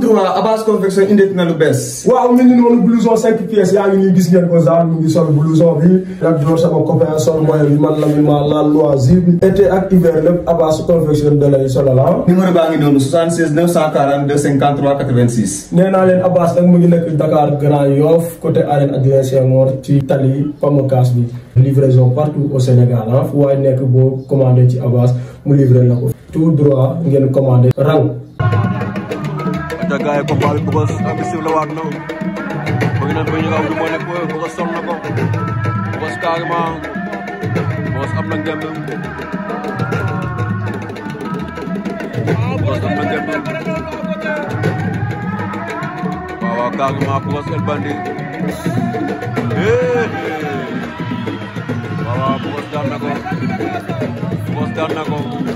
tout droit Abass Confection indi na lu bees. waaw ñu ngi noonu blouson cinq pièces yaa ngi nii gis ngeen ko daal mu ngi sol blouson bi. ak door sama copain sol mooy bi la mi ma la loisir bi. été ah. nee naa leen Abass nag mu ngi nekk Dakar Grand Yoff côté arène Adrien Senghor ci tali Pamakaas bi. livraison partout au Sénégal ah fu nekk boo commandé ci Abass mu livré la ko. tout droit ngeen commandé raw. ca gaay combat bi Pogos am siw la waat na mu ngi naan bëñu raw du moo nekk Pogos sol na ko Pogos carrément Pogos am na ngemb Pogos am na ngemb waaw waaw carrément Pogos El Bandi waaw waaw Pogos daan na ko Pogos daan na ko